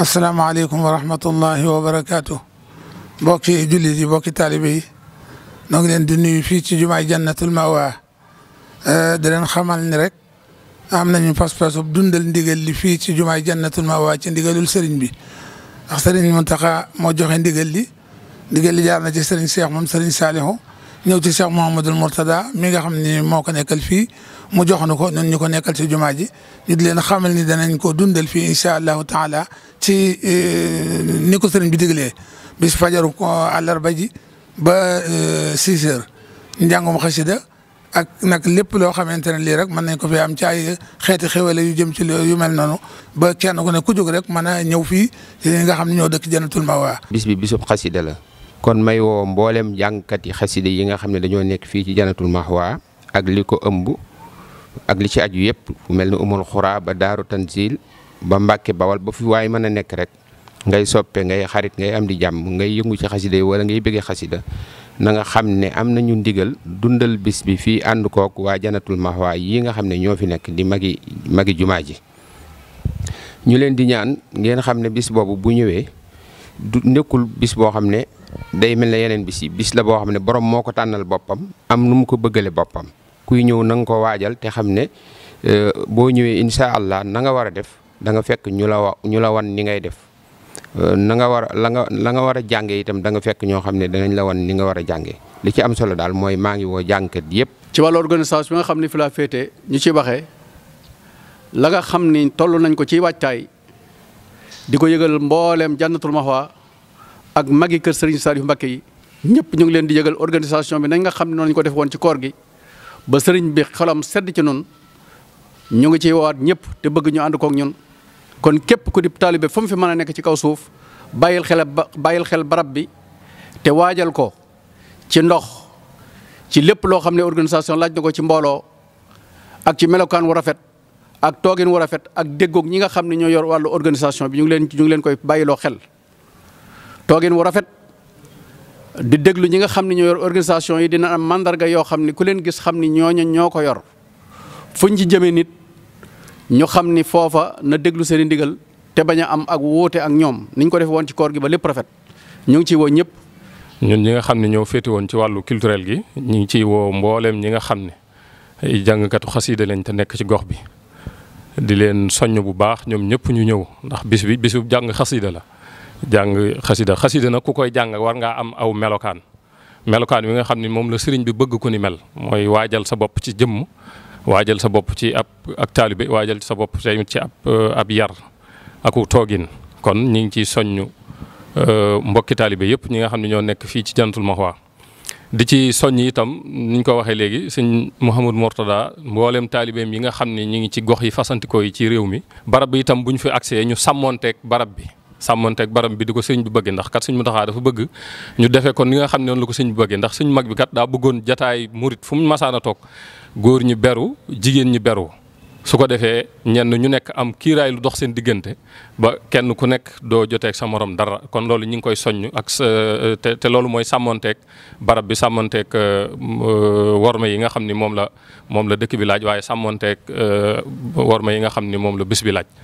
asalaamaaleykum wa rahmatullahi wa barakaatu. mbokki jullit yi mbokki taalibe yi ñoo ngi leen di nuyu fii ci jumaay jannatul mawa eh, di leen xamal ni rek am nañu pas-pasu dundal ndigal li fii ci jumaay jannatul mawa ci ndigalul sëriñ bi ndax sëriñ Muntaxa moo joxe ndigal li ndigal li jaar na ci sëriñ Cheikh moom sëriñ Saalihu ñëw ci Cheikh Mouhamadul Mourtada mi nga xam ni moo ko nekkal fii mu jox nu ko ñun ñu ko nekkal ci jumaa ji ñu di leen xamal ni danañ ko dundel fii incha allahu taala ci e, ni ko sëriñ bi diglee bis fajaru ko àllarba ji ba e, six heures njàngum xasida ak nag lépp loo xamante ne lii rek mën nañ ko fi am ci ay xeeti xéwale yu jëm ci yu mel noonu ba kenn ku ne ku jóg rek mën a ñëw fii nga xam ne ñoo dëkk Jannatul Mawa. bis bi bisub xasida la. kon may woo mboolem jàngkat yi xasida yi nga xam ne dañoo nekk fii ci janatul mahwa ak li ko ëmb ak li ci aju yëpp fu mel ni umul xuraa ba daaru tanzil ba mbàkke bawal ba fi waay mën a nekk rek ngay soppe ngay xarit ngay am di jàmm ngay yëngu ci xasida yi wala ngay bëggee xasida na nga xam ne am nañu ndigal dundal bis bi fii ànd kook waa janatul mahwa yi nga xam ne ñoo fi nekk di magi magi jumaa ji ñu leen di ñaan ngeen xam ne bis boobu bu ñëwee du bis boo xam ne day mel ne yeneen bis yi bis la boo xam ne borom moo ko tànnal boppam am nu mu ko bëggale boppam kuy ñëw na nga ko waajal te xam ne euh, boo ñëwee incha allah na nga war a def da nga fekk ñu la wa ñu la wan ni ngay def euh, na nga war a la nga la nga war a jàngee itam da fekk ñoo xam ne danañ la wan ni nga war a jàngee li ci am solo daal mooy maa ngi woo jàngkat yëpp. ci wàllu organisation nga xam ni fi laa féetee ñu ci waxee la nga xam ni toll nañ ko ci waajtaay di ko yëgal mbooleem Jannatul Mahwa ak magi kër Serigne Saliou Mbacké yi ñëpp ñu ngi leen di yëgal organisation bi nañ nga xam ne noonu ñu ko def woon ci koor gi ba sëriñ bi xolam sedd ci noonu ñu ngi ciy woowaat ñëpp te bëgg ñu ànd kook ñun. kon képp ku di taalibe fu mu fi mën a nekk ci kaw suuf bàyyil xel bàyyil xel barab bi te waajal ko ci ndox ci lépp loo xam ne organisation laaj na ko ci mbooloo ak ci melokaan wu rafet ak toogin wu rafet ak déggoog ñi nga xam ne ñoo yor wàllu organisation bi ñu leen ñu ngi leen koy bàyyiloo xel. toogin wu rafet di déglu ñi nga xam ne ñoo yor organisation yi dina am màndarga yoo xam ne ku leen gis xam ni ñooñu ñoo ko yor fuñ ci jëmee nit ñu xam ni foofa na déglu seen i ndigal te bañ a am ak wóote ak ñoom niñ ko def woon ci koor gi ba lépp rafet ñu ngi ciy woo ñëpp. ñun ñi nga xam ne ñoo féete woon ci wàllu culturel gi ñu ngi ciy woo mbooleem ñi nga xam ne ay jàngkatu xasiida lañ te nekk ci gox bi di leen soññ bu baax ñoom ñëpp ñu ñëw ndax bis bi bisu la. jàng xasida xasida na ku koy jàng war ngaa am aw melokaan melokaan wi nga xam ni moom la sëriñ bi bëgg ko ni mel mooy waajal sa bopp ci jëmm waajal sa bopp ci ab ak taalibe waajal sa bopp tamit ci ab euh, ab yar aku toogin kon ñu ngi ciy soññ euh, mbokki taalibe yëpp ñi nga xam ne ñoo nekk fii ci jantul maxwa di ci soññ itam niñ ko waxee léegi sëñ Mouhamadou Mourtada mboolem taalibeem yi nga xam ne ñu ngi ci gox yi fasantikoo yi ci réew mi barab bi itam bu ñu fi agsee ñu sàmmoonteeg barab bi sàmmanteeg barab bi di ko sëñ bi bëgg ndax kat suñ mu taxaa dafa bëgg ñu defee kon ni nga xam ne noonu la ko sëñ bi bëgg ndax suñ mag bi kat daa bëggoon jataay murit fu mu masaan a toog góor ñi beru jigéen ñi beru su ko defee ñenn ñu nekk am kiiraay lu dox seen diggante ba kenn ku nekk doo joteeg sa morom dara kon loolu ñu ngi koy soññ ak te te loolu mooy sàmmanteeg barab bi sàmmanteeg euh, euh, worma yi nga xam ni moom la moom la dëkk bi laaj waaye sàmmanteeg euh, worma yi nga xam ni moom la bés bi laaj.